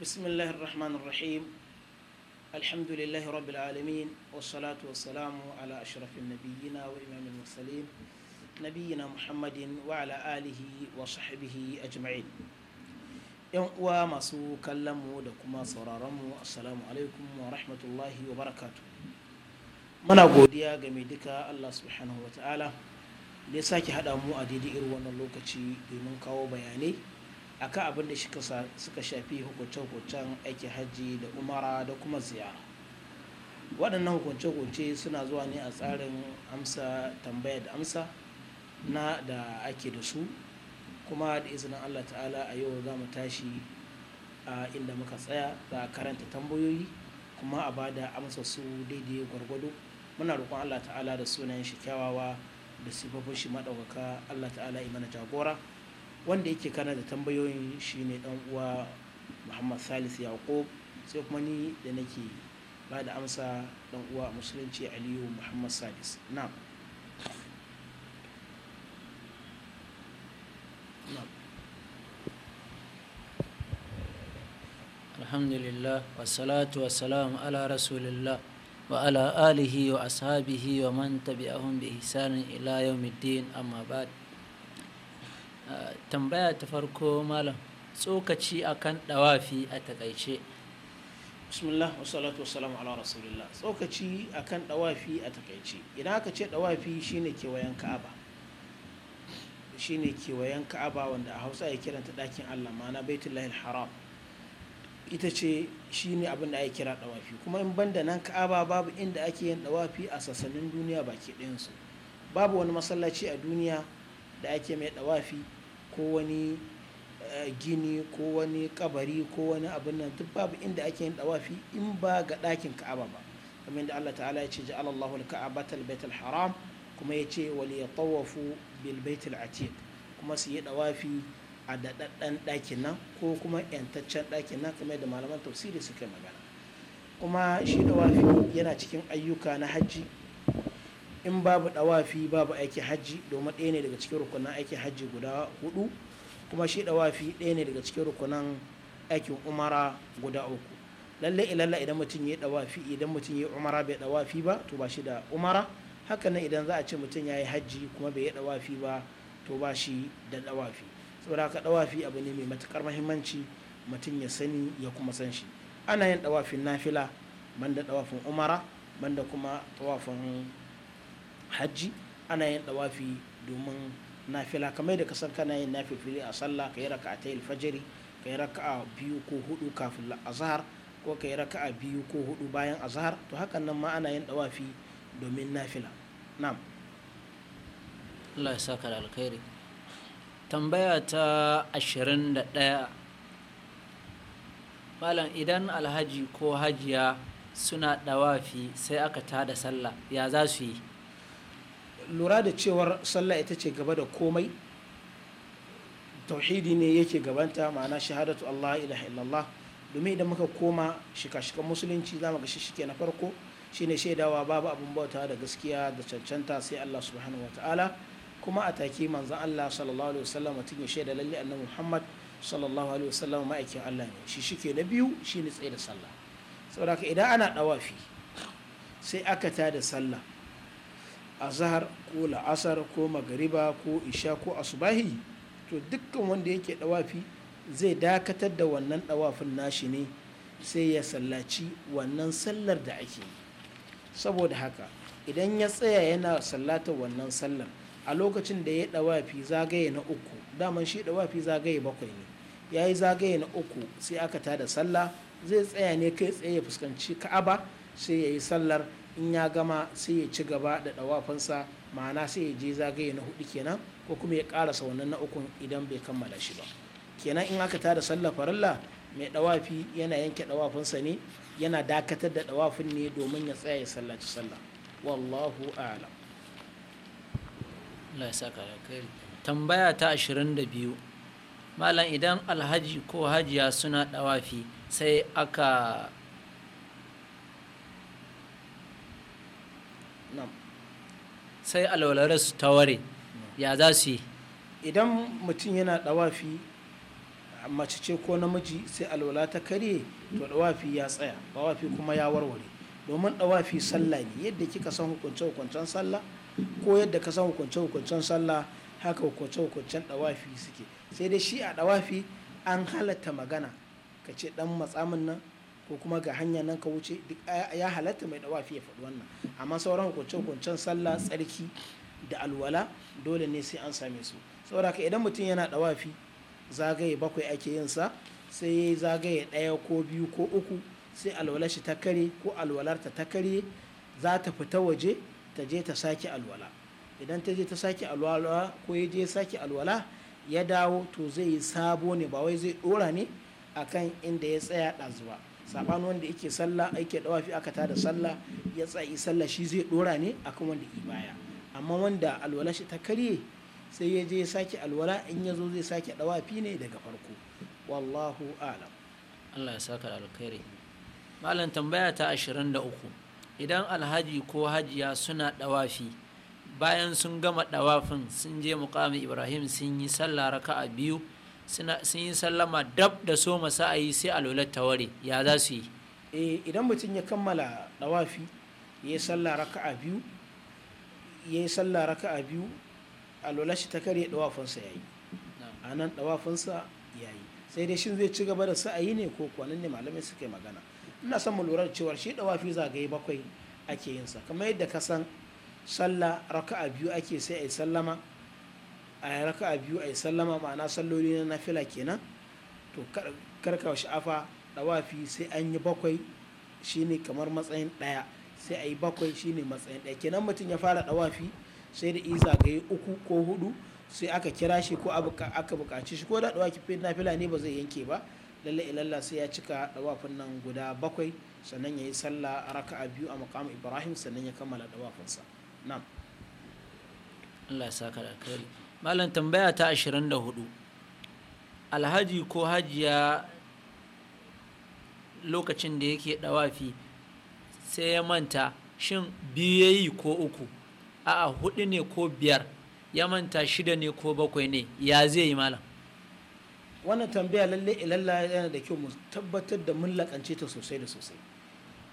بسم الله الرحمن الرحيم الحمد لله رب العالمين والصلاة والسلام على أشرف النبيين وإمام المرسلين نبينا محمد وعلى آله وصحبه أجمعين yan uwa masu kallon mu da kuma sauraronmu assalamu alaikum wa rahmatullahi wa barakatu muna godiya ga mai duka allah subhanahu wa ta'ala da ya sake haɗa mu a daidai irin wannan lokaci domin kawo bayanai a kan abin da suka shafi hukunce-hukuncen aikin hajji da umara da kuma ziyara waɗannan hukunce-hukunce suna zuwa ne a tsarin amsa tambaya da amsa na da ake da su kuma da izinin allah ta'ala a yau za mu tashi a inda muka tsaya za a karanta tambayoyi kuma a bada amsa su daidai gwargwado muna roƙon allah ta'ala da sunayen shi kyawawa da sifofin shi maɗaukaka allah ta'ala imana jagora wanda yake kana da tambayoyin shine dan uwa muhammad salis yaqub sai kuma ni da nake ba da amsa dan uwa musulunci aliyu muhammad salis na'am alhamdulillah wasalatu wasalam ala rasulillah wa ala alihi wa ashabihi wa man tabi'ahum bi ihsanin ila yawmiddin amma ba'd tambaya ta farko malam tsokaci akan dawafi a takaice bismillah wasu wasalamu ala rasulillah tsokaci akan dawafi a takaice idan aka ce dawafi shine kewayen ka'aba shine kewayen ka'aba wanda a hausa ya kiranta dakin allah ma'ana baitullahil haram ita ce shi ne abin da ake kira dawafi kuma in banda nan ka'aba babu inda ake yin dawafi a sassanin duniya baki ɗayansu babu wani masallaci a duniya da ake mai dawafi ko wani eh, gini ko wani kabari ko wani abin nan duk babu inda ake yin dawafi in ba ga ɗakin ka'aba ba kamar da Allah ta'ala ya ce ja'ala Allahu al-ka'abata al haram kuma ya ce wal yatawafu bil baitil atiq kuma su yi dawafi a daɗaɗɗen ɗakin nan ko kuma yantaccen ɗakin nan kamar da malaman tafsiri suka magana kuma shi dawafi yana cikin ayyuka na hajji in babu dawafi babu aiki hajji domin ɗaya ne daga cikin rukunan aiki hajji guda hudu kuma shi dawafi ɗaya ne daga cikin rukunan aikin umara guda uku lalle ilalla idan mutum ya dawafi idan mutum ya umara bai dawafi ba to ba shi da umara haka nan idan za a ce mutum ya yi hajji kuma bai yi dawafi ba to ba shi da dawafi saboda haka dawafi abu ne mai matukar muhimmanci mutum ya sani ya kuma san shi ana yin dawafin nafila banda dawafin umara banda kuma dawafin hajji ana yin dawafi domin nafila kamar da kasar kana yin nafifili a sallah ka yi raka ta alfajiri ka yi raka a biyu ko hudu kafin azhar ko ka yi raka a biyu ko hudu bayan azhar to hakan nan ma ana yin dawafi domin nafila na'am Allah ya saka da alkhairi tambaya ta 21 malam idan alhaji ko hajiya suna dawafi sai aka tada sallah ya za su yi lura da cewar sallah ita ce gaba da komai tauhidi ne yake gabanta ma'ana shahadatu Allah ilaha illallah domin idan muka koma shika-shikan musulunci za mu ga shi na farko shine shaidawa babu abin bauta da gaskiya da cancanta sai Allah subhanahu wa ta'ala kuma a take manzo Allah sallallahu alaihi wasallam mutum ya shaida lalle annabi Muhammad sallallahu alaihi wasallam ma'aikin Allah ne shi shike na biyu shine tsaye da sallah saboda idan ana dawafi sai aka tada sallah zahar ko la'asar ko magariba ko isha ko asubahi to dukkan wanda yake dawafi zai dakatar da wannan dawafin nashi ne sai ya sallaci wannan sallar da ake saboda haka idan ya tsaya yana sallata wannan sallar a lokacin da ya dawafi zagaye na uku daman shi dawafi zagaye bakwai ne ya yi zagaye na uku sai aka tada sallah zai tsaya ne kai tsaye ya fuskanci ka'aba sai ya yi sallar in ya gama sai ya ci gaba da ɗawafinsa ma'ana sai ya je zagaye na hudu kenan ko kuma ya ƙara wannan na ukun idan bai kammala shi ba kenan in aka tada sallah farilla mai ɗawafi yana yanke ɗawafinsa ne yana dakatar da ɗawafin ne domin ya tsaya ya sallaci sallah wallahu a'lam Allah ya saka tambaya ta 22 malam idan alhaji ko hajiya suna ɗawafi sai aka sai alwalar su ta ware ya za su yi idan mutum yana dawafi mace ce ko namiji sai alwala ta karye to dawafi ya tsaya dawafi kuma ya warware domin dawafi sallah ne yadda kika san hukunce hukuncen sallah ko yadda ka san hukunce hukuncen sallah haka hukunce hukuncen dawafi suke sai dai shi a dawafi an halatta magana ka ce dan matsamin nan ko kuma ga hanya nan ka wuce ya halatta mai dawafi ya faɗi wannan amma sauran hukunce-hukuncen sallah tsarki da alwala dole ne sai an same su saboda ka idan mutum yana dawafi zagaye bakwai ake yin sa sai zagaye ɗaya ko biyu ko uku sai alwalar shi ta kare ko alwalar ta ta kare za ta fita waje ta je ta sake alwala idan ta je ta sake alwala ko ya je sake alwala ya dawo to zai yi sabo ne ba wai zai dora ne akan inda ya tsaya ɗazu ba saɓani wanda yake sallah yake ɗawafi aka tada sallah ya tsayi sallah shi zai dora ne akan wanda ke baya amma wanda alwala shi ta karye sai ya je ya sake alwala in ya zo zai sake ɗawafi ne daga farko wallahu alam Allah ya saka alkhairi malam tambaya ta 23 idan alhaji ko hajiya suna ɗawafi bayan sun gama ɗawafin sun je muqami ibrahim sun yi sallah raka'a biyu sun yi sallama dab da so masa a yi sai alolar taware ya za su yi eh, idan mutum ya kammala dawafi ya yi sallah a biyu ya yi sallah a biyu alolar shi ta kare dawafinsa ya yi a nan dawafinsa ya yi sai dai shi zai ci gaba da sa'ayi ne ko kwanan ne malamai suka yi magana ina son mu lura cewar shi dawafi zagaye bakwai ake yinsa kamar yadda ka san sallah raka'a biyu ake sai a yi sallama a raka a biyu a yi sallama ma'ana salloli na nafila kenan to karka sha'afa dawafi sai an yi bakwai shine kamar matsayin ɗaya sai a yi bakwai shine matsayin ɗaya kenan mutum ya fara dawafi sai da isa ga yi uku ko hudu sai aka kira shi ko aka buƙaci shi ko da dawafin nafila ne ba zai yanke ba lalle ilalla sai ya cika dawafin nan guda bakwai sannan ya yi sallah a biyu a makamu ibrahim sannan ya kammala dawafinsa na'am Allah ya malam tambaya ta 24 alhaji ko hajiya lokacin da yake dawafi sai ya manta shin biyu ya yi ko uku a'a hudu ne ko biyar ya manta shida ne ko bakwai ne ya zai yi malam wannan tambaya lalle ilalla yana da kyau mu tabbatar da mun lakance ta sosai da sosai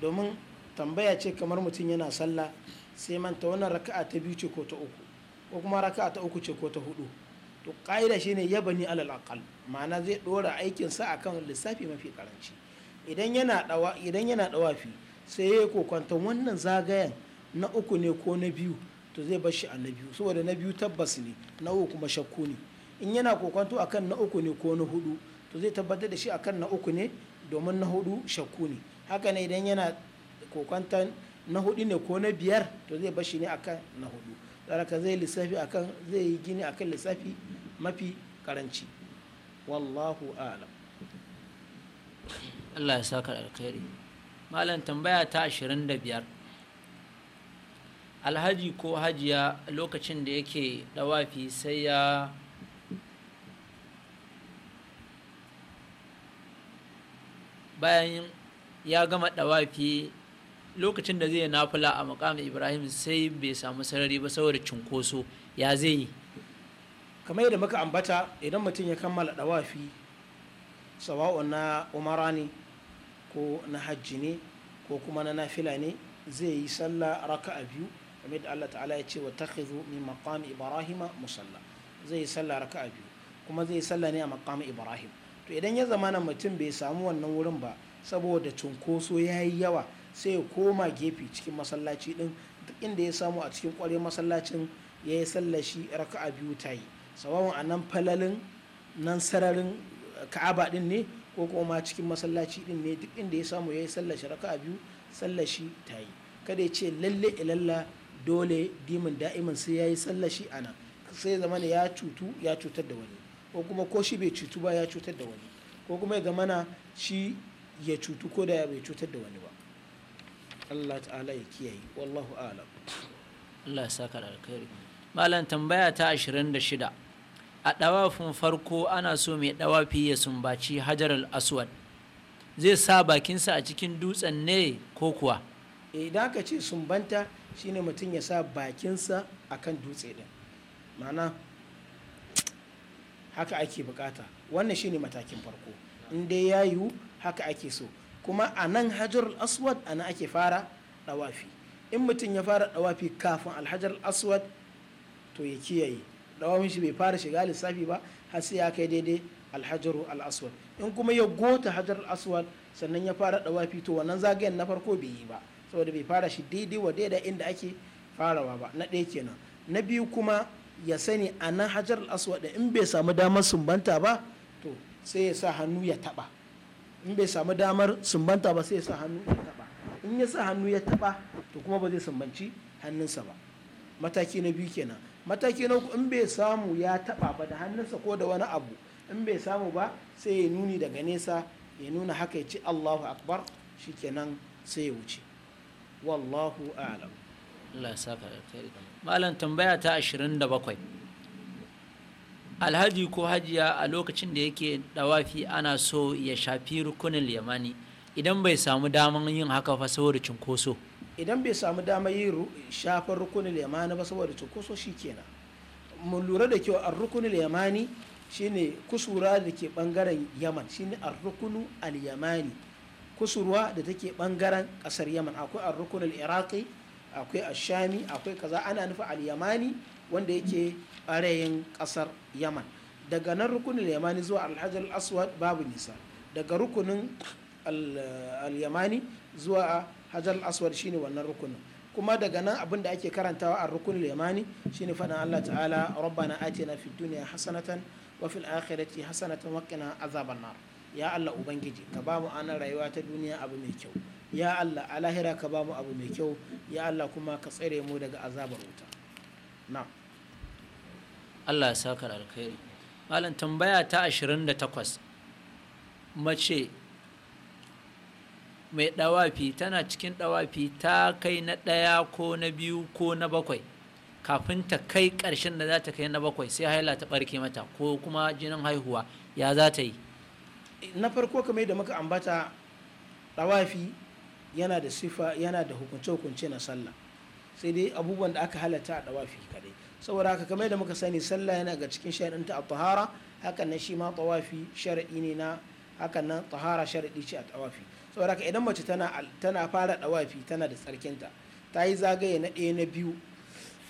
domin tambaya ce kamar mutum yana sallah sai manta wannan raka'a ta biyu ce ko ta uku ko kuma raka'a ta uku ce ko ta hudu to ƙa'ida shine ya bani alal aqal ma'ana zai dora aikin sa akan lissafi mafi karanci idan yana dawa dawafi sai yi kokwanton wannan zagayen na uku ne ko na biyu to zai bar shi a na biyu saboda na biyu tabbas ne na uku kuma shakku ne in yana kokwanto akan na uku ne ko na hudu to zai tabbatar da shi akan na uku ne domin na hudu shakku ne haka ne idan yana kokwanton na hudu ne ko na biyar to zai bar shi ne akan na hudu ka zai lissafi akan zai yi gini akan lissafi mafi karanci wallahu alam Allah ya saka alkhairi malam tambaya ta 25 alhaji ko hajiya lokacin da yake dawafi sai ya bayan ya gama dawafi lokacin da zai nafula a makamin ibrahim sai bai samu sarari ba saboda cunkoso ya zai yi kamar yadda muka ambata idan mutum ya kammala dawafi sawa'un na umara ne ko na hajji ne ko kuma na nafila ne zai yi sallah raka a biyu kamar da Allah ta'ala ya ce wa takhidhu min maqami ibrahim musalla zai yi sallah raka a biyu kuma zai yi sallah ne a makamin ibrahim to idan ya zamana mutum bai samu wannan wurin ba saboda cunkoso ya yi yawa sai ya koma gefe cikin masallaci din duk inda ya samu a cikin kwarin masallacin ya yi sallashi raka'a biyu ta yi sababin a nan falalin nan sararin eh, ka'aba din ne ko kuma cikin masallaci din ne duk inda ya samu ya yi sallashi raka'a biyu sallashi ta yi kada ya ce lalle ilalla dole dimin da'imin sai ya yi sallashi a nan sai zama ya cutu ya cutar da wani ko kuma ko shi bai cutu ba ya cutar da wani ko kuma ya zamana shi ya cutu ko da bai cutar da wani ba Allah ta'ala ya kiyaye wallahu alam Allah ya saka da alkhairi malam tambaya ta 26 a dawafin farko ana so mai dawafi ya sumbaci hajar al-aswad zai sa bakinsa a cikin dutsen ne ko kuwa eh, idan ka ce sumbanta shine mutum ya sa bakinsa akan dutse din mana haka ake bukata wannan shine matakin farko in dai ya yiwu haka ake so kuma a nan hajar aswad ana ake fara dawafi in mutum ya fara dawafi kafin alhajar aswad to ya kiyaye dawafin shi bai fara shiga lissafi ba har sai ya kai daidai alhajaru al'aswad in kuma ya gota hajar aswad sannan ya fara dawafi to wannan zagayen na farko bai yi ba saboda bai fara shi daidai wa daidai inda ake farawa ba na ɗaya kenan na biyu kuma ya sani a nan hajar aswad in bai samu damar sumbanta ba to sai ya sa hannu ya taɓa in bai samu damar sumbanta ba sai ya sa hannu ya taba in ya sa hannu ya taba to kuma ba zai sumbanci hannunsa ba mataki na biyu kenan mataki na uku in bai samu ya taba ba da hannunsa ko da wani abu in bai samu ba sai ya nuni daga nesa ya nuna haka ya ce Allahu akbar shikenan sai ya wuce wallahu a'lam Allah ya saka da malam tambaya ta 27 alhaji ko hajiya a lokacin da yake dawafi ana so ya shafi rukunin yamani idan bai samu daman yin haka fa saboda cinkoso idan bai samu damar yin shafar rukunin yamani ba saboda cinkoso kenan mun lura da kyau a rukunin yamani shine kusura da ke bangaren yaman shine ar-rukunu al-yamani kusurwa da take bangaren kasar yaman akwai a rukunin iraqi akwai ashami akwai kaza ana nufi al wanda yake ɓarayin ƙasar yaman daga nan rukunin yamani zuwa alhajar aswad babu nisa daga rukunin al-yamani zuwa hajar aswad shine wannan rukunin kuma daga nan abin da ake karantawa a rukunin yamani shine faɗin allah ta'ala rabbana atina fi duniya hasanatan wa fil akhirati hasanatan wa qina azaban nar ya allah ubangiji ka ba mu anan rayuwa ta duniya abu mai kyau ya allah a lahira ka ba mu abu mai kyau ya allah kuma ka tsare mu daga azabar wuta Allah ya saka alkhairi malam tambaya ta 28 mace mai dawafi tana cikin dawafi ta kai na ɗaya ko na biyu ko na bakwai kafin ta kai ƙarshen da za ta kai na bakwai sai haila ta ɓarke mata ko kuma jinin haihuwa ya za ta yi na farko kamar da muka ambata dawafi yana da sifa yana da hukunce-hukunce na sallah sai dai abubuwan da aka halatta a dawafi kadai saboda haka kamar da muka sani sallah yana ga cikin shari'in ta tahara hakan nan shi ma tawafi shar'i ne na hakan nan tahara shar'i ce a tawafi saboda haka idan mace tana tana fara dawafi tana da tsarkinta ta yi zagaye na ɗaya na biyu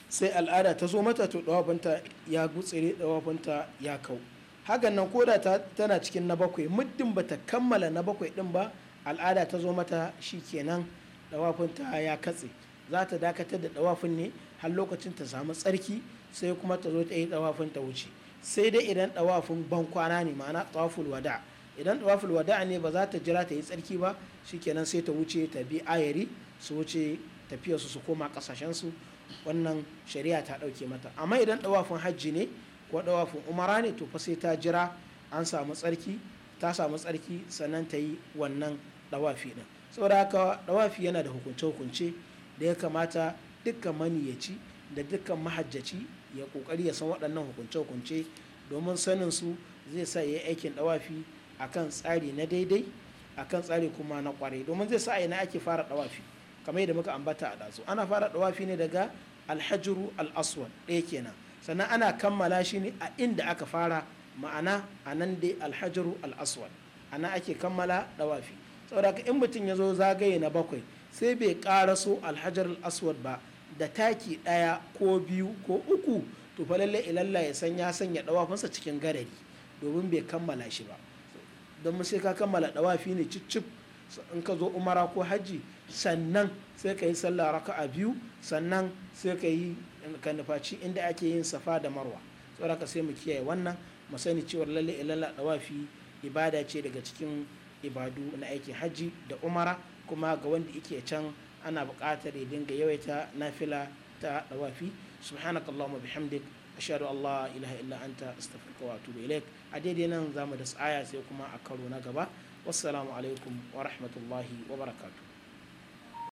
sai al'ada ta zo mata to dawafinta ya gutsire dawafinta ya kau hakan nan koda ta tana cikin na bakwai muddin ba ta kammala na bakwai din ba al'ada ta zo mata shi kenan dawafinta ya katse za ta dakatar da ɗawafin ne har lokacin ta samu tsarki sai kuma ta zo ta yi dawafin ta wuce sai dai idan ɗawafin ban kwana ne ma'ana ɗawaful wada idan ɗawafin wada ne ba za ta jira ta yi tsarki ba shikenan sai ta wuce ta bi ayari su wuce tafiyarsu su koma ƙasashensu wannan shari'a ta ɗauke mata amma idan ɗawafin hajji ne ko ɗawafin umara ne to fa sai ta jira an samu tsarki ta samu tsarki sannan ta yi wannan ɗawafi ɗin saboda haka ɗawafi yana da hukunce-hukunce da ya kamata dukkan maniyaci da dukkan mahajjaci ya kokari ya san waɗannan hukunce-hukunce domin sanin su zai sa ya yi aikin dawafi kan tsari na daidai a kan tsari kuma na kwarai domin zai sa a ina ake fara ɗawafi kamar yadda muka ambata a ɗazu ana fara ɗawafi ne daga alhajiru al-aswad ɗaya kenan sannan ana kammala shi ne a inda aka fara ma'ana a nan dai alhajiru al ana ake kammala ɗawafi saboda in mutum ya zo zagaye na bakwai sai bai so alhajar aswad ba da taki ɗaya ko biyu ko uku to fa lalle ilalla ya san ya sanya dawafinsa cikin garari domin bai kammala shi ba don mu sai ka kammala dawafi ne cicip in ka zo umara ko hajji sannan sai ka yi sallah raka'a biyu sannan sai ka yi ka nufaci inda ake yin safa da marwa ka sai mu kiyaye wannan mu sani cewa lalle ilalla dawafi ibada ce daga cikin ibadu na aikin hajji da umara kuma ga wanda yake can ana buƙatar ya dinga yawaita nafila ta dawafi subhanakallahumma bihamdik ashhadu an la ilaha illa anta astaghfiruka wa atubu ilaik a daidai nan zamu da tsaya sai kuma a karo na gaba wassalamu alaikum wa rahmatullahi wa barakatu.